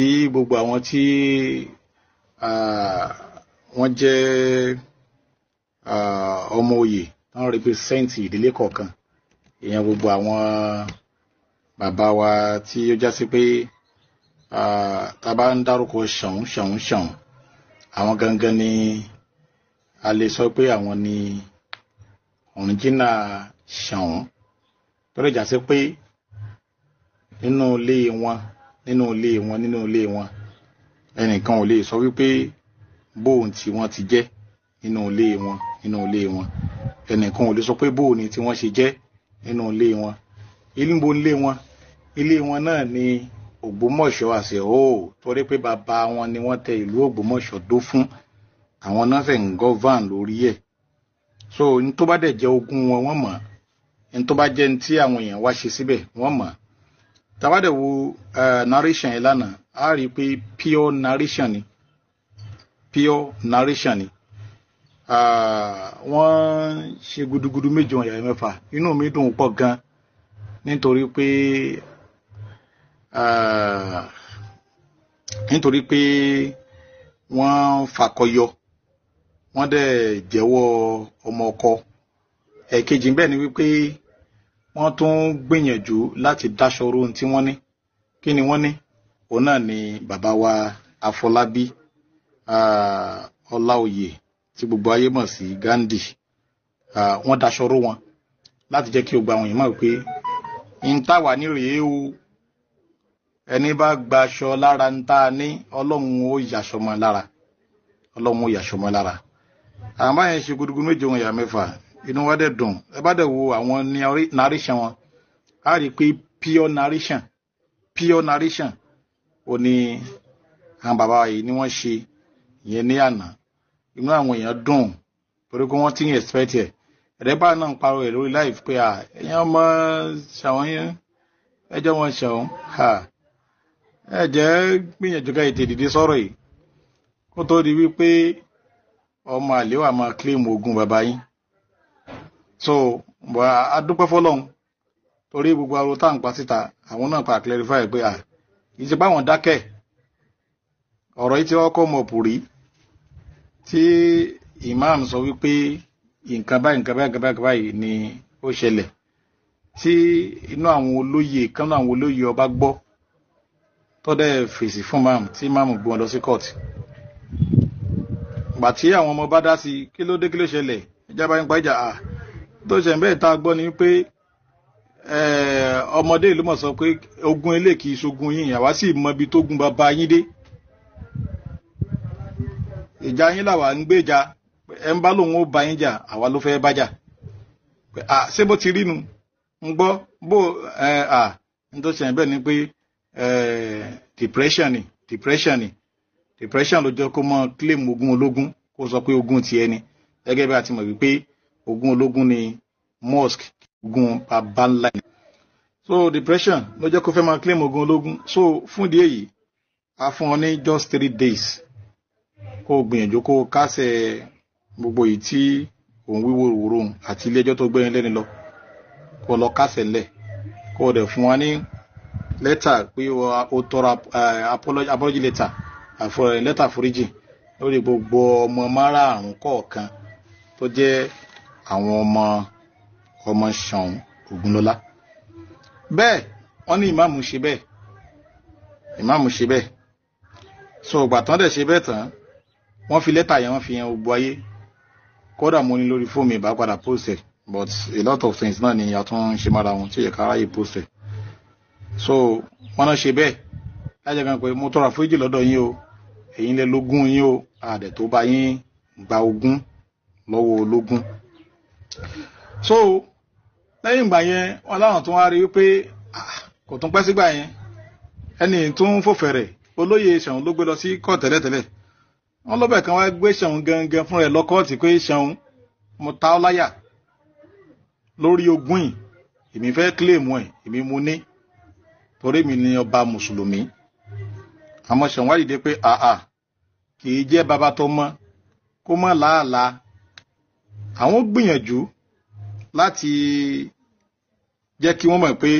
tí gbogbo àwọn tí wọ́n jẹ́ ọmọ oyè wọ́n represent ìdílé kọ̀ọ̀kan èèyàn gbogbo àwọn bàbá wa tí ó já sí pé tá a bá ń dárúkọ ṣàwọn ṣàwọn ṣàwọn àwọn gangan ni a lè sọ pé àwọn ni ọ̀rìnjìnà ṣàwọn tó lè já sí pé nínú ilé wọn nínú ilé wọn nínú ilé wọn ẹnìkan ò lè sọ wípé bóun tí wọ́n ti jẹ́ nínú ilé wọn nínú ilé wọn ẹnìkan ò lè sọ pé bóun ni tí wọ́n ṣe jẹ́ nínú ilé wọn ilé ilé wọn ilé wọn náà ni Ògbómọ̀ṣọ́ àṣẹ o torí pé bàbá wọn ni wọ́n tẹ ìlú Ògbómọ̀ṣọ́ dó fún àwọn náà fẹ́ lórí ẹ̀ so n tó bá dẹ̀ jẹ́ ogún wọn wọ́n mọ̀ n tó bá jẹ́ ní àwọn èèyàn wá ṣe síbẹ̀ wọ́n mọ̀ tàbá dẹ̀ wo eh, narration yẹn lánàá a rí i pure narration ni pure narration ni ah, wọ́n ṣe gudugudu méjọ ìyàwó mẹ́fà inú mi dùn pọ̀ gan nítorí pé ah, nítorí pé wọ́n fàkọyọ wọ́n dẹ̀ jẹ́wọ́ ọmọ ọkọ ẹ̀kejì bẹ́ẹ̀ ni wípé wọ́n tún ń gbìyànjú láti dáṣọ ru ohun tí wọ́n ní kí ni wọ́n ní òun náà ni bàbá wa Afọlábí Ọláoyè tí gbogbo ayé mọ̀ sí Gandhi wọ́n dáṣọ ru wọn láti jẹ́ kí gbogbo àwọn èèyàn mọ̀ pé n táwa ní rèé o ẹni bá gbaṣọ lára ń tá a ní ọlọ́run ó yàṣọmọ lára ọlọ́run ó yàṣọmọ lára àwọn báyẹn ṣe gudugudu méje wọn yà mẹ́fà inú wa dẹ̀ dùn ẹ bá dẹ̀ wo àwọn narration wọn a rí i pé pure narration pure narration ò ní àwọn bàbá yìí ni wọ́n ṣe ìyẹn ní àná inú àwọn èèyàn dùn torí pé wọ́n ti ń expect ẹ̀ ẹ̀rẹ́bà náà ń parọ́ ẹ̀ lórí live pé ẹ̀yàn ọmọ ṣàwọn yẹn ẹjọ́ wọn ṣàwọn ẹ jẹ́ gbìyànjú ká ètè dìde sọ̀rọ̀ yìí kó tó di wípé ọmọ àlè wà máa claim ogún bàbá yín so a dúpẹ́ fọlọ́run torí gbogbo aró tá à ń pa síta àwọn náà pa clarify pé à ìṣe báwọn dákẹ́ ọ̀rọ̀ yìí ti kọ́kọ́ mọ̀ pùrí tí imam sọ wípé nǹkan báyìí nǹkan báyìí nǹkan báyìí nǹkan ni ó ṣẹlẹ̀ tí inú àwọn olóyè kan náà àwọn olóyè ọba gbọ́ tọ́dẹ̀ fèsì fún Imam tí mam gbé lọ sí court gbà tí àwọn ọmọ bá dá sí kí ló dé kí ló ṣẹlẹ̀ ìjábá yín pa ìjà à. tó ṣe ń bẹ́ẹ̀ tá gbọ́ ni pé ọmọdé ìlú mọ̀ sọ pé ogun ilé kì í ṣogun yìí àwa sì mọ ibi tó gun bàbá yín dé ìjà yín làwa ń gbèjà ẹ ń bá lòun ó bá yín jà àwa ló fẹ́ bá jà ṣé bó ti rí nu ń gbọ́ bó à ń tó ṣe ń bẹ́ẹ̀ ni pé depression ni depression ni depression ló jẹ́ kó mọ́ claim ogun ológun kó sọ pé ogun tiẹ̀ ni gẹ́gẹ́ bí a ti mọ̀ wípé ogún ológun ni mosque ogun bàbá so depression ló jẹ́ kó fẹ́ máa claim ogun ológun so fún ìdí èyí a fún ọ ní just three days kó o gbìyànjú kó o kásẹ̀ gbogbo èyí tí òun wíwo òwòrán àti ilé ẹjọ́ tó gbẹ́yìn lẹ́ni lọ kó o lọ kásẹ̀ lẹ̀ kó o dẹ̀ fún wa ní lẹ́tà pé o tọrọ apology letter lẹ́tà foríjì lórí gbogbo ọmọ márààrún kọ̀ọ̀kan tó jẹ́ àwọn ọmọ ọmọ ṣàn ògúnlọ́lá bẹ́ẹ̀ wọ́n ní ìmáàmù ṣe bẹ́ẹ̀ ìmáàmù ṣe bẹ́ẹ̀ so ìgbà tán dẹ̀ ṣe bẹ́ẹ̀ tán wọ́n fi lẹ́tà yẹn wọ́n fi yan gbogbo ayé kódà mo ní lórí fóònù ìbá padà post but a lot of things náà ni a tún ń ṣe mára wọn tí yẹ ká ráyè post so wọ́n náà ṣe bẹ́ẹ̀ lájẹ́ kan pé mo tọrọ àforíjì lọ́dọ̀ yín o ẹ̀yin lẹ lógún yín o àdẹ̀ tó bá yín gba ogún lọ́wọ́ ológun so lẹ́yìn ìgbà yẹn wọn láwọn tó wá rí wípé ah, kò tún pẹ́ sígbà yẹn ẹni tó ń fòfẹ̀rẹ̀ olóyè ṣẹ̀hún ló gbé lọ sí kọ́ tẹ́lẹ̀tẹ́lẹ̀ wọn lọ́bẹ̀ kan wá gbé ṣẹ̀hún gangan fún rẹ̀ lọ kọ́ọ̀tì pé ṣẹ̀hún mo ta ọ́ láyà lórí ogún yìí èmi fẹ́ kílèmù ẹ̀ èmi mu ní torí mi ni ọba mùsùlùmí àmọ́ ṣẹ̀hún wá dìde pé kì í jẹ́ baba tó mọ́ kó mọ́ làálàá àwọn gbìyànjú láti jẹ́ kí wọ́n mọ̀ pé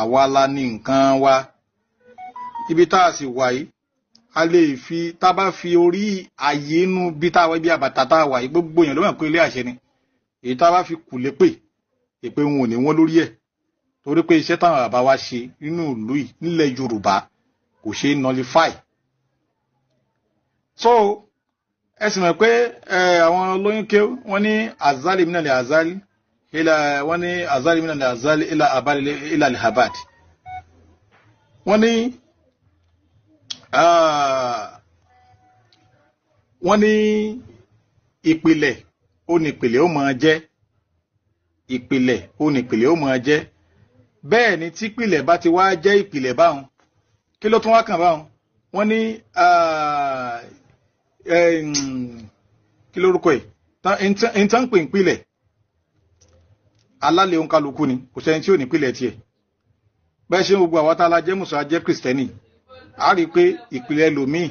àwa la ní nǹkan wa ibi tá a sì wà yìí a lè fi tá a bá fi orí ààyè inú bí tá a wà ibi àbàtà tá a wà yìí gbogbo èèyàn ló mọ̀ pé ilé àṣẹ ni èyí tá a bá fi kù lépè èpè wọn ò ní wọ́n lórí ẹ̀ torí pé iṣẹ́ táwọn bàbá wa ṣe nínú ìlú yìí nílẹ̀ Yorùbá kò ṣeé nullify. so ẹ sì mọ̀ pé àwọn olóyún ké wọ́n ní azali mina lè azali ila wọ́n ní azali mina lè azali ila abali ila lè habad wọ́n ní wọ́n ní ìpìlẹ̀ ó ní ìpìlẹ̀ ó máa jẹ́ ìpìlẹ̀ ó ní ìpìlẹ̀ ó máa jẹ́ bẹ́ẹ̀ ni tí ìpìlẹ̀ bá ti wá jẹ́ ìpìlẹ̀ báwọn kí ló tún wá kàn báwọn wọ́n ní. Uh, kí lórúkọ ẹ̀ nǹkan pè ń pilẹ̀ alálẹ̀ òǹkàlùkù ni kò sẹ́ni tí ò ní pilẹ̀ tiẹ̀ bẹ́ẹ̀ ṣe gbogbo àwọn tá a la jẹ́ mùsùlùmí jẹ́ kìrìsìtẹ́nì a rí i pé ìpìlẹ̀ lòmíì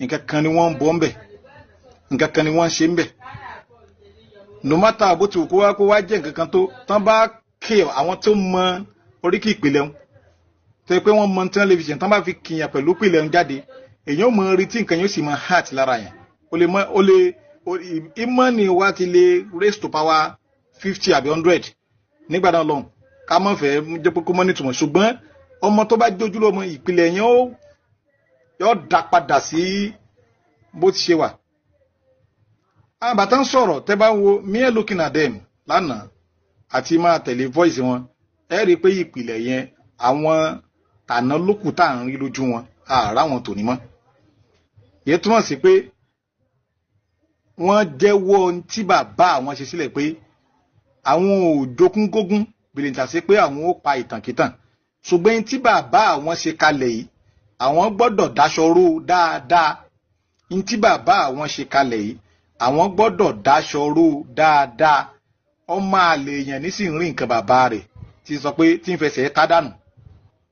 nǹkan kan ni wọ́n ń bọ́ ń bẹ̀ nǹkan kan ni wọ́n ń ṣe ń bẹ̀ nùmátà àbótú kó wá kó wá jẹ́ nǹkan kan tó tán bá kí àwọn tó mọ oríkì ìpìlẹ̀ ń tẹ́ pé wọ́n mọ tán lè fi ṣe tán bá fi kìyàn pẹ̀lú ìpìlẹ̀ ń jáde èyàn mọ retí nǹkan yóò sì mọ heart lára yẹn o lè mọ o lè ìmọ̀ni wa ti lè raise to power fifty àbí hundred nígbà náà lọ́hùn ká mọ̀ fẹ́ jẹ́ pé kó mọ́ nítumọ̀ ṣùgbọ́n ọmọ tó bá jójú lọ́mọ ìpìlẹ̀ yẹn ó yọ dá padà sí bó ti ṣe wà. àbàtà ń sọ̀rọ̀ tẹ́ bá wo mere looking at them lánàá àti máa tẹ̀lé voice wọn ẹ rí i pé ìpìlẹ̀ yẹn àwọn tàná lókù tá à ń rí lójú wọn àárá wọn tò ní mọ́ ìyẹn túmọ̀ sí pé wọ́n jẹ́wọ́ ohun tí bàbá àwọn ṣe sílẹ̀ pé àwọn ò jogúngógún bìlìntà sí pé àwọn ò pa ìtànkítàn ṣùgbọ́n ohun tí bàbá àwọn ṣe kalẹ̀ yìí àwọn gbọ́dọ̀ dáṣọrú dáadáa ohun tí bàbá àwọn ṣe kalẹ̀ yìí àwọn gbọ́dọ̀ dáṣọrú dáadáa ọmọ àlè èèyàn nísìnyí nǹkan bàbá rẹ̀ ti sọ pé tí ń fẹsẹ̀ ká dànù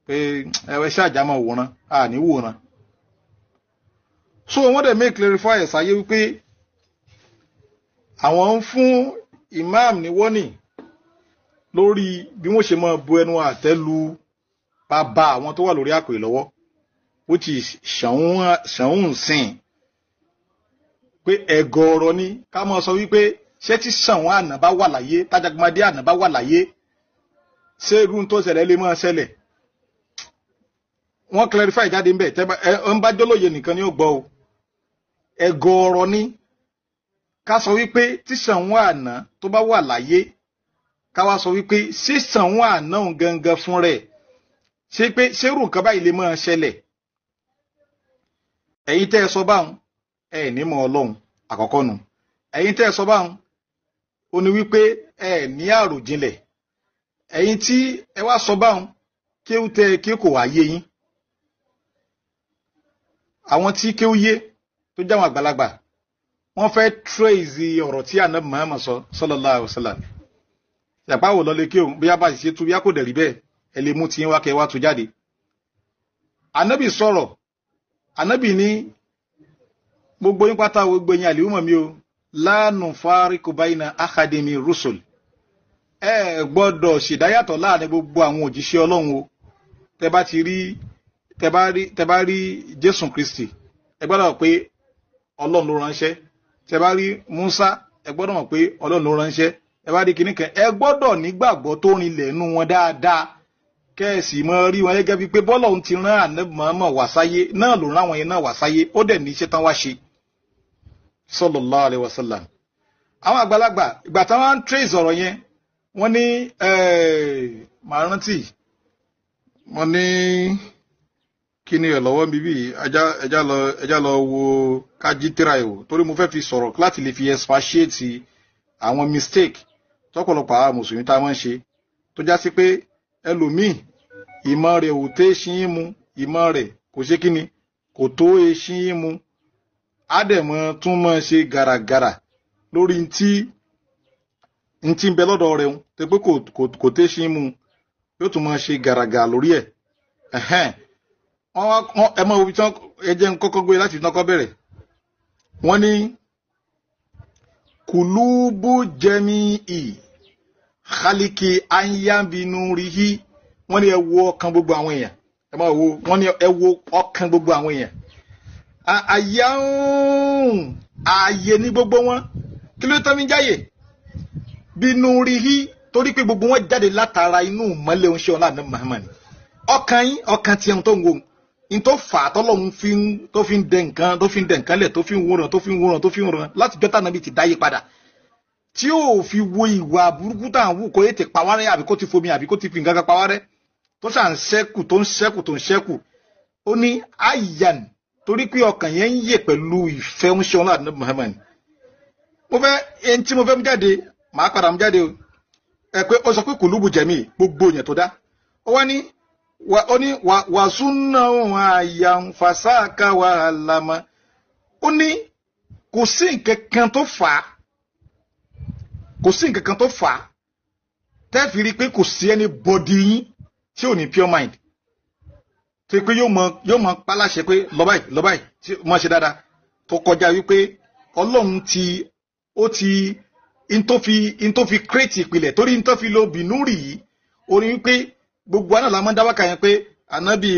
pé ẹ ṣáàjámọ̀ wòran àní wòran so wọ́n dẹ̀ make clarify ẹ̀sáyé wípé àwọn ń fún imam ní warning lórí bí wọ́n ṣe máa bu ẹnu àtẹ́ lu bàbá àwọn tó wà lórí àpè lọ́wọ́ which is ṣàún sìn pé ẹ̀gọ́ ọ̀rọ̀ ni ká máa sọ wípé ṣé tí ṣàwọn àná bá wà láyé tájàgbọ́nmadé àná bá wà láyé ṣé irú tó ṣẹlẹ̀ lè máa ṣẹlẹ̀ wọ́n clarify jáde ń bẹ̀ ẹ ń bá jọ́lóye nìkan ni ó gbọ́ o ẹ̀gọ̀ ọ̀rọ̀ ni ká sọ wípé tí Ṣàwọn àná tó bá wà láyé ká wá sọ wípé ṣé Ṣàwọn àná òun gangan fún rẹ̀ ṣé pé ṣérù nǹkan báyìí lè máa ṣẹlẹ̀ ẹ̀yin tẹ́ ẹ sọ báwọn ẹ ní mọ̀ Ọlọ́run àkọ́kọ́ nu ẹ̀yin tẹ́ ẹ sọ báwọn ó ní wípé ẹ ní àròjinlẹ̀ ẹ̀yin tí ẹ wá sọ báwọn kéwú tẹ́ kí wá yé yín àwọn tí kéwú yé tó jẹ́ àwọn àgbàlagbà wọ́n fẹ́ tírèzì ọ̀rọ̀ tí ànábì Muhammad sọ sallallahu alaihi wasallam yàpá wò lọlé kí òun bí yàbá ṣe tú yá kò dẹ̀ rí bẹ́ẹ̀ ẹ lè mú ti wá wá tú jáde ànábì sọ̀rọ̀ ànábì ní gbogbo yín pátá gbogbo yín àlìhùmọ̀ mi o la nufariqu baina ahadin min rusul ẹ gbọ́dọ̀ ṣèdáyàtọ̀ láàrin gbogbo àwọn òjíṣẹ́ Ọlọ́run o tẹ bá ti rí tẹ bá rí Jésù Kristi ẹ gbọ́dọ̀ pé ọlọ́run ló ránṣẹ́ tẹ bá rí Musa ẹ gbọ́dọ̀ mọ̀ pé ọlọ́run ló ránṣẹ́ ẹ bá rí kinní kan ẹ gbọ́dọ̀ nígbàgbọ́ tó rinlẹ̀ nú wọn dáadáa kẹ́ẹ̀sì mọ́ rí wọn gẹ́gẹ́ bíi pé bọ́lọ̀ ń ti rán ànábìmọ́mọ́ wá sáyé náà ló rán àwọn yẹn náà wá sáyé ó dẹ̀ ní iṣẹ́ tán wá ṣe sallallahu alaihi wasallam àwọn àgbàlagbà ìgbà táwọn ń trace ọ̀rọ̀ yẹn wọ́n ní eh, màá rántí wọ́n ní kini ẹ̀ lọ́wọ́ mi bíi ẹja lọ ẹja lọ wo kájí tíráì o torí mo fẹ́ fi sọ̀rọ̀ láti lè fi expatiate àwọn mistake tọ́pọ̀lọpọ̀ àwọn mùsùlùmí tá a máa ń ṣe tó já sí pé ẹlòmíì ìmọ̀ rẹ̀ ò tẹ́ ṣín mu ìmọ̀ rẹ̀ kò ṣe kíni kò tó e ṣín mu ádẹ̀mọ́ tún máa ṣe gàràgàrà lórí ntí ntí ń bẹ lọ́dọ̀ rẹ̀ ń tẹ́ pé kò tẹ́ ṣín mu yóò tún máa ṣe gàràgàrà lórí ẹ̀ wọ́n ẹ mọ́ obi tí wọ́n ẹjẹ́ ń kọ́kọ́ gbé láti nọ́kọ́ bẹ̀rẹ̀ wọ́n ní kùlúbù jẹ́mi ì xaliki anyambinu rihi wọ́n ní ẹ wo ọkàn gbogbo àwọn èèyàn ẹ máa wo wọ́n ní ẹ wo ọkàn gbogbo àwọn èèyàn àyàwùn ààyè ní gbogbo wọn kí ló tán mi jáyè bínú rihi torí pé gbogbo wọn jáde látara inú mọ́lẹ̀ oúnjẹ ọ̀la ní Muhammad ọkàn yín ọkàn tiẹ̀ tó ń wo n tó fà á tọ́lọ́hún fi ń tó fi ń dẹ nǹkan tó fi ń dẹ nǹkan lẹ̀ tó fi ń wòran tó fi ń wòran tó fi ń wòran láti jọ́tà nàbí ti dáyé padà tí yóò fi wo ìwà burúkú tá à ń wù kó ètè pawárẹ́ àbí kó ti fomi àbí kó ti fi nǹkan kan pawárẹ́ tó ṣà ń ṣẹ́kù tó ń ṣẹ́kù tó ń ṣẹ́kù ó ní àyàn torí pé ọkàn yẹn ń yè pẹ̀lú ìfẹ́ ń ṣe ọlọ́run àdúgbò mo fẹ́ ẹni mo fẹ́ mú jáde màá padà mú jáde o ẹ pé ó sọ pé kùlùbù jẹ̀mí gbogbo yẹn tó dá ó wá ní wa oni wa wa súnà òun àyànfàsáàkà wà lámà oni ní kò sí nǹkan kan tó fà á kò sí nǹkan kan tó fà á tẹ́ẹ̀fì rí i pé kò sí ẹni pure mind tó pé yóò mọ yóò mọ pálàṣẹ pé lọ́bà yìí lọ́bà yìí tí mo ṣe dáadáa tó kọjá wípé ọlọ́run ti ó ti n tó fi n tó fi kírètì ìpìlẹ̀ torí n tó fi lo bìnúrì yìí ó ní gbogbo àná la máa ń dá wákà yẹn pé ànábì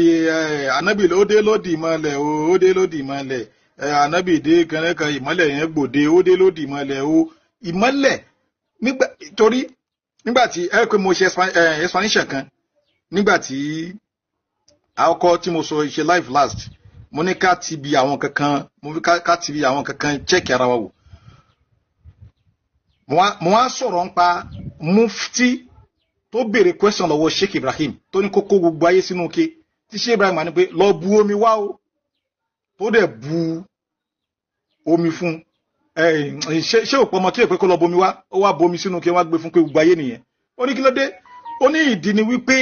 ànábì ó dé lódì mọ́lẹ̀ ó dé lódì mọ́lẹ̀ ànábì dé kẹrẹ́kẹ́ ìmọ́lẹ̀ yẹn gbòde ó dé lódì mọ́lẹ̀ ó ìmọ́lẹ̀ nígbà torí nígbà tí ẹ pé mo ṣe explanation kan nígbà tí àkọ́kọ́ tí mo sọ ìṣe live last mo ní ká ti bi àwọn kankan mo fi ká ti bi àwọn kankan chẹ́ẹ̀kì ara wa wò mo wá sọ̀rọ̀ nípa mufti tó béèrè question lọ́wọ́ Sheikh Ibrahim tó ní kókó gbogbo ayé sínú ke tí Sheikh Ibrahim ní pé lọ bu omi wá o tó dẹ̀ bu omi fún ṣé òpó ọmọ tó yẹ pé kó lọ bomi wá ó wá bomi sínú ke wá gbé fún pé gbogbo ayé nìyẹn ó ní kí ló dé ó ní ìdí ni wípé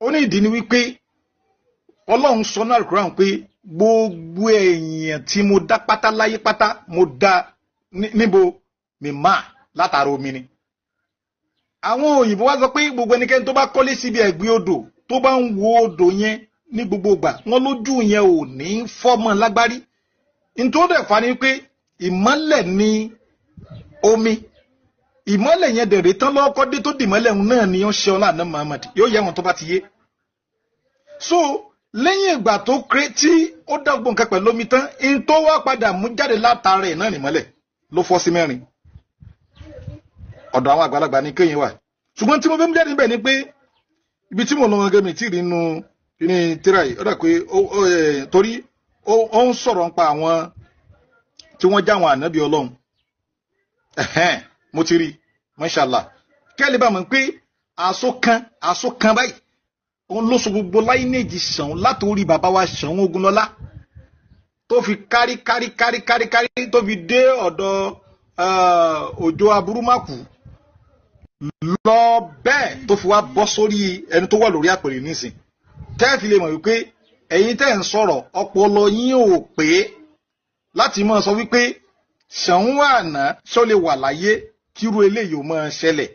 ó ní ìdí ni wípé Ọlọ́run sọ ní al pé gbogbo èèyàn tí mo dá pátá láyé pátá mo dá níbo mi máa látara omi ni àwọn òyìnbó wá sọ pé gbogbo ẹnikẹ́ni tó bá kọ́lé síbi ẹ̀gbẹ́ odò tó bá ń wo odò yẹn ní gbogbo ìgbà wọn lójú yẹn ò ní fọ́mọ lágbárí nítorí ẹ̀fà ni pé ìmọ́lẹ̀ ni omi ìmọ́lẹ̀ yẹn dẹ̀rẹ̀ tán lọ́kọ́ dé tó dìmọ́lẹ̀ òun náà ni ó ṣe ọlá àná Muhammad yóò yẹ wọn tó bá ti yé so lẹ́yìn ìgbà tó kéré tí ó dá gbọ̀ǹkẹ́ pẹ̀lú omi tán ní tó wá padà mú jáde látara ẹ̀ náà nìmọ́lẹ̀ ló fọ́ sí mẹ́rin ọ̀dọ̀ àwọn àgbàlagbà ní kéyìn wà ṣùgbọ́n tí mo fẹ́ mú jáde níbẹ̀ ni pé ibi tí mo lọ wọn gẹ́mi tí ì rí nínú ní tíra yìí ó dà pé torí ó ń sọ̀rọ̀ nípa àwọn tí wọ́n já àwọn ànábì ọlọ́run mo ti rí mọ́ṣálà kẹ́lí bá mọ̀ pé aṣọ kan aṣọ kan báyìí òun ló so gbogbo láìnéèjì ṣàn látòrí bàbá wa ṣàn Ògúnlọlá tó fi kárí kárí kárí kárí kárí tó fi dé ọ̀dọ̀ òjò aburú má lọ bẹ́ẹ̀ tó fi wá bọ́ sórí ẹni tó wà lórí àpèrè nísìn tẹ́ẹ̀fì lè mọ̀ wípé ẹ̀yin tẹ́ ń sọ̀rọ̀ ọpọlọ yín ò pé láti máa sọ wípé ṣàwọn àná ṣó lè wà láyé kírú eléyìí ò máa ṣẹlẹ̀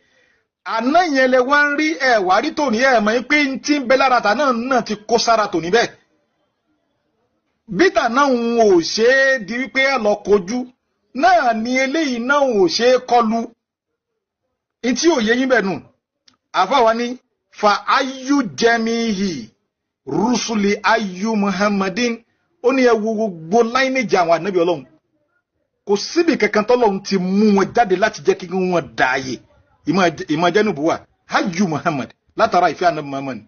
àná yẹn lẹ wá ń rí ẹ̀wà rí tòní ẹ̀ mọ̀ pé n ti ń bẹ lára tà náà náà ti kó sára tòní bẹ́ẹ̀ bítà náà ń ò ṣe é di wípé ẹ lọ kojú náà ni eléyìí náà ò ṣe é kọlu ntí òye yín bẹ̀ afa àfàwa ni fa ayu jẹmihi rusuli ayu muhammadin oni ní ẹ wo gbogbo láìníjà àwọn ànábì ọlọ́run kò síbi kankan tọ́lọ́run ti mú wọn jáde láti jẹ́ kí wọ́n dààyè ìmọ̀ jẹ́nubùwà ayu muhammad látara ìfẹ́ ànábì muhammad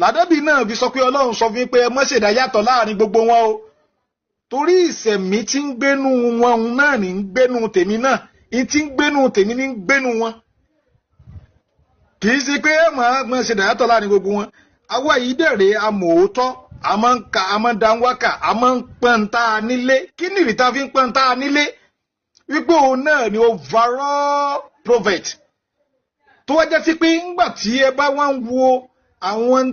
làdábì náà fi sọ pé ọlọ́run sọ fún pé ẹ má ṣèdá yàtọ̀ láàrin gbogbo wọn o torí ìṣẹ̀mí tí ń gbénu wọn náà ní ń gbénu tèmi náà n ti ń gbénu tèmi ní ń gbénu wọn kì í pé ẹ mọ̀ ṣe dàyàtọ̀ láàrin gbogbo wọn àwa yìí dẹ̀rẹ̀ a a da a nílé kí ni fi ń nílé wípé náà ni overall prophet tó wá jẹ́ sí pé ńgbà tí ẹ bá wá ń wo àwọn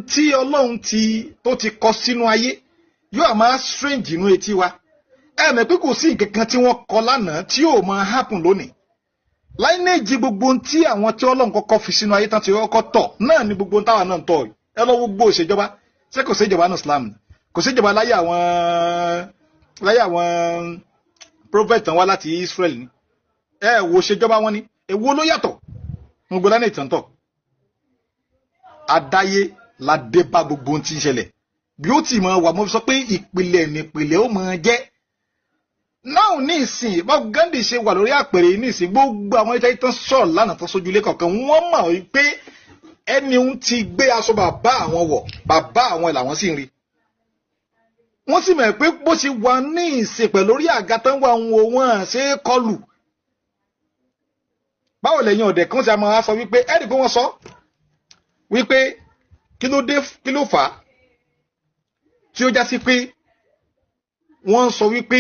ti tó ti kọ sínú ayé yóò máa wa. ẹ mọ̀ pé kò sí nǹkan kan tí wọ́n kọ lánàá tí yóò máa happen lónìí láìnéèjì gbogbo ohun tí àwọn tí ọlọ́run kọ́kọ́ fi sínú ayé tán ti kọ́kọ́ tọ̀ náà ni gbogbo ohun táwọn náà ń tọ̀ ẹ lọ gbogbo òṣèjọba ṣé kò séjọba náà Islam kò séjọba láyé àwọn láyé àwọn prophet tán wá láti Israel ni ẹ wo ṣèjọba wọn ni èwo ló yàtọ̀ ń gbọ́dá ní ìtàn tọ̀ adáyé la dé bá gbogbo ohun tí ń ṣẹlẹ̀ bí ó ti mọ̀ wà mo sọ pé ìpìlẹ̀ nípìlẹ̀ ó mọ̀ jẹ́ náà ní ìsìn bá Gandhi ṣe wà lórí àpèrè ní ìsìn gbogbo àwọn ẹja ìtàn sọ̀rọ̀ lánàá tó sójú ilé kọ̀ọ̀kan wọ́n mọ̀ pé ẹni ń ti gbé aṣọ bàbá àwọn wọ̀ bàbá àwọn làwọn sì ń rí wọ́n sì mọ̀ pé bó ṣe wà ní ìsìn pẹ̀ lórí àga tán wà wọn wọ́n ṣe é kọlù báwo lẹ́yìn ọ̀dẹ̀ kan ṣe a máa sọ wípé ẹ̀rì pé wọ́n sọ wípé kí ló dé kí ló fà á tí ó já sí pé wọ́n sọ wípé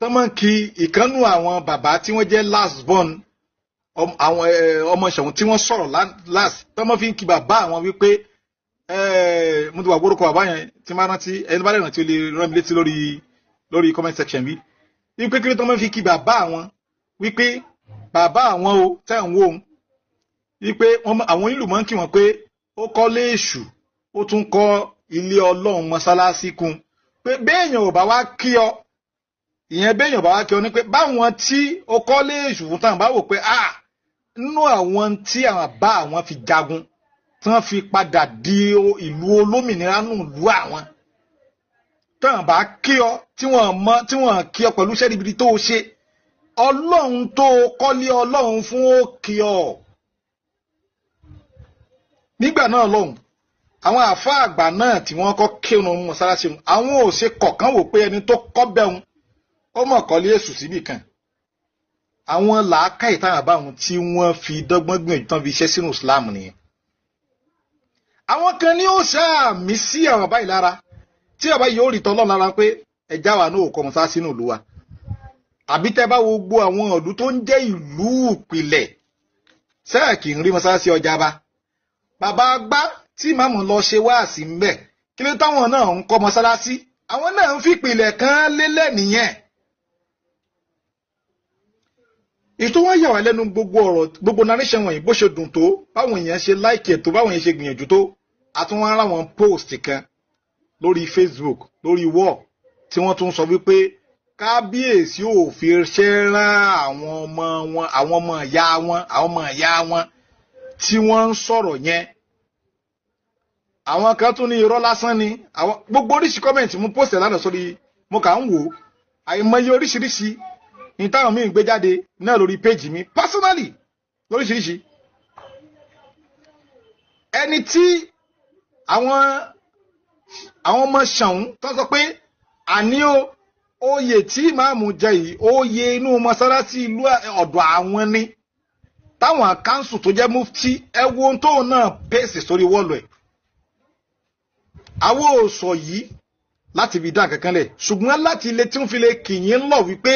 tọ́mọ̀ kí ìkánú àwọn bàbá tí wọ́n jẹ́ last born àwọn ọmọ ṣẹ̀wọ̀n tí wọ́n sọ̀rọ̀ last tọ́mọ̀ fi ń kí bàbá àwọn wípé mo ti wà gbórúkọ bàbá yẹn tí máa rántí ẹni bá lè rántí ó lè rán mi létí lórí lórí comment section bí wípé kí ló tọ́mọ̀ fi kí bàbá àwọn wípé bàbá àwọn o tẹ̀ ń wò ó wípé àwọn onílù máa ń kí wọn pé ó kọ́lé èṣù ó tún kọ́ ilé ọlọ́run mọ́sálásí kun pé béèyàn ò bá wá kí ọ ìyẹn béèyàn bá wá kí ọ ní pé báwọn tí o kọ́ lé èṣù fún táwọn bá wò pé ah nínú àwọn tí àwọn bá àwọn fi jagun tí wọ́n fi padà di ìlú olómìnira nù lú àwọn táwọn bá kí ọ tí wọ́n mọ tí wọ́n kí ọ pẹ̀lú iṣẹ́ ribiri tó o ṣe ọlọ́run tó o kọ́ lé ọlọ́run fún ó kí ọ nígbà náà lọ́hùn àwọn àfa àgbà náà tí wọ́n kọ́ kírun mọ́sálásí àwọn ò ṣe kọ̀ọ̀kan wò pé ẹni tó kọ́ bẹ́hùn ó mọ̀ kọ́lé èṣù síbì kan àwọn làákàyè táwọn àbáwọn tí wọ́n fi dọ́gbọ́n gbìyànjú tán fi iṣẹ́ sínú Islam nìyẹn àwọn kan ní ó ṣàmì sí àwọn àbáyìí lára tí àbá yìí ó rí tọ́lọ́ lára pé ẹja wà náà kọ́ mọ́sá sínú ìlú wa àbí tẹ́ bá wo gbogbo àwọn ìlú tó ń jẹ́ ìlú ìpìlẹ̀ sẹ́ẹ̀ kì í rí mọ́sá sí ọjà bá bàbá agbá tí màmú lọ ṣe wá sí ń bẹ̀ kí ló táwọn náà ń kọ́ mọ́sálásí àwọn náà ń fìpìlẹ̀ kan lélẹ̀ nìyẹn èyí tó wá yà wá lẹ́nu gbogbo ọ̀rọ̀ gbogbo narration wọ̀nyí bó ṣe dùn tó báwọn èèyàn ṣe láìkì ètò báwọn èèyàn ṣe gbìyànjú tó àtúnwá ara wọn post kan lórí Facebook lórí wall tí wọ́n tún sọ wípé kábíyèsí ò fi ṣe rán àwọn ọmọ wọn àwọn ọmọ ìyá wọn àwọn ọmọ ìyá wọn tí wọ́n ń sọ̀rọ̀ yẹn àwọn kan tún ní irọ́ lásán ni àwọn gbogbo oríṣi kọ́mẹ̀ntì mú post ẹ̀ lánàá sórí mo kà ń wò àìmọye oríṣiríṣi ní táwọn míì gbé jáde náà lórí péjì mi personally lóríṣiríṣi ẹni tí àwọn àwọn ọmọ ṣàwọn tó sọ pé àní o oyè tí màámu jẹ yìí oyè inú mọ́sálásí ìlú ọ̀dọ̀ àwọn ni táwọn kanṣu tó jẹ́ mufti ẹ wo ohun tóun náà pèsè sórí wọ́ọ̀lù ẹ̀ àwọn òòsọ yìí láti fi dá kankan lẹ̀ ṣùgbọ́n láti ilé tí ń fi lè kì yín lọ wípé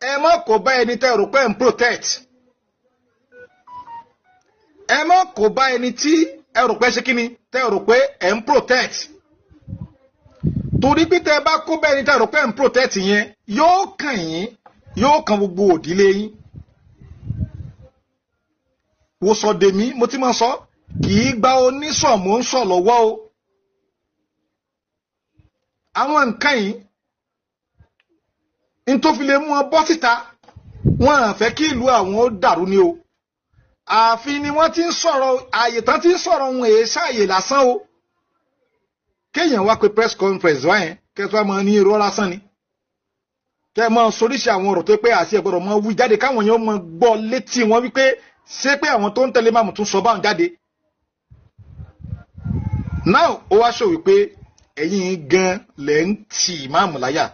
ẹ má kó bá ẹni tẹ rò pé ń protect ẹ má kó bá ẹni tí ẹ rò pé ṣe kí ni rò pé ẹ ń protect torí pé tẹ bá kó bá ẹni tẹ rò pé ń protect yẹn yóò kàn yín yóò kan gbogbo òdílé yín wo sọ dèmí mo ti máa sọ kì í gba oníṣọ̀mù ń sọ̀ lọwọ o àwọn nǹkan yìí nítorí lè mú wọn bọ́ síta wọn à fẹ́ kí ìlú àwọn ó dàrú ni o ààfin ni wọ́n ti ń sọ̀rọ̀ ààyè tán ti ń sọ̀rọ̀ ohun èyí ṣàyè lásán o kéèyàn wá pé press conference wá yẹn kẹsàn-án máa ní irọ́ lásán ni kẹ ẹ máa soríṣi àwọn ọ̀rọ̀ tó pé àti ẹ̀gbọ́dọ̀ máa wí jáde káwọn èèyàn máa gbọ́ létí wọn wípé ṣé pé àwọn tó ń tẹ̀lé máàmù tún sọ báwọn jáde. now ó wá ṣòwò pé ẹ̀yin gan lẹ̀ ń tì máàmù láyà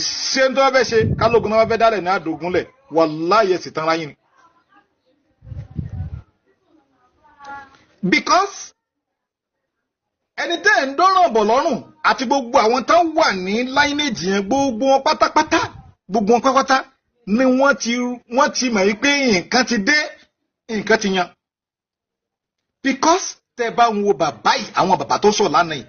ṣé ń tọ́ fẹ́ ṣe kálógun náà wá fẹ́ dálẹ̀ ní àdógúnlẹ̀ wàláyé sì tán ráyìn. because ẹni tẹ́ ẹ̀ ń dọ́ràn bọ̀ lọ́rùn àti gbogbo àwọn tán wà ní láìnéèjì yẹn gbogbo wọn pátápátá gbogbo wọn pátápátá ni wọ́n ti mọ̀ yí pé nǹkan ti dé nǹkan ti yan because tẹ́ bá ń wo bàbá yìí àwọn bàbá tó sọ̀ lánàá yìí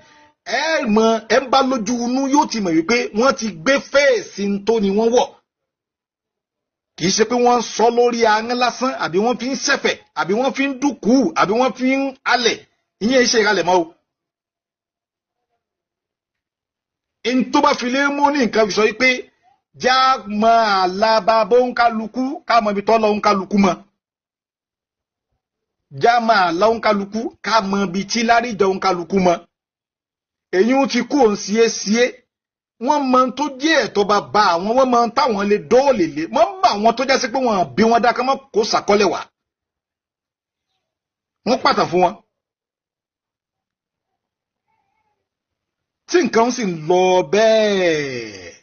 ẹ mọ ẹ ń bá lójú inú yóò ti mọ̀ wípé wọ́n ti gbé fèèsì tó ni wọ́n wọ̀ kì í ṣe pé wọ́n ń sọ lórí ahọ́n lásán àbí wọ́n fi ń ṣẹ̀fẹ̀ àbí wọ́n fi ń dúkùú àbí wọ́n fi ń halẹ̀ ìyẹn ṣe ìhalẹ̀ mọ́ o. n tó bá fi mú ní nǹkan fi sọ wípé já mọ àlàbàbọ̀ ńkálukú ká mọ ibi tọ́lọ ńkálukú mọ́ já mọ àlà ńkálukú ká mọ ibi tí láríjọ ńkálukú mọ́ èyí ń ti kú òun síé síé wọ́n mọ ohun tó jẹ́ ẹ̀tọ́ bàbá àwọn wọ́n mọ ohun táwọn lè dóòlè lé wọ́n mọ àwọn tó jásí pé wọ́n bí wọn dáká mọ́ kó sàkọ́lẹ̀ wá wọ́n pàtàn fún wọn. tí nǹkan sì ń lọ bẹ́ẹ̀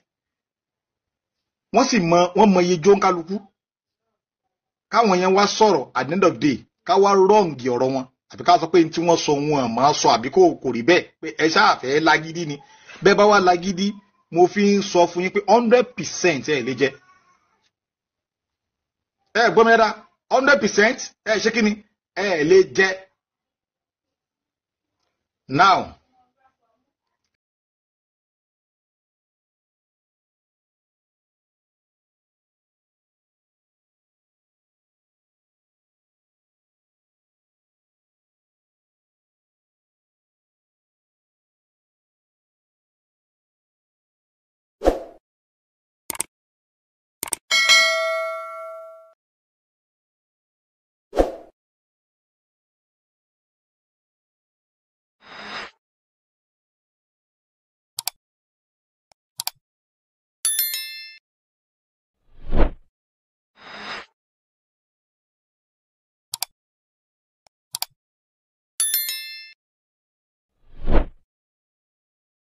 wọ́n sì mọ wọ́n mọ iye jó ń kálukú káwọn yẹn wá sọ̀rọ̀ at the end of the day ká wá rọ́ǹgì ọ̀rọ̀ wọn àfi ká sọ pé tí wọ́n sọ wọn máa sọ àbí kò kò rí bẹ́ẹ̀ pé ẹ ṣáà fẹ́ lágídí ni bẹ́ẹ̀ bá wà lágídí mo fi ń sọ fún yín pé hundred percent ẹ lè jẹ ẹ gbọ́ mi dáadáa hundred percent ẹ ṣé kí ni ẹ lè jẹ now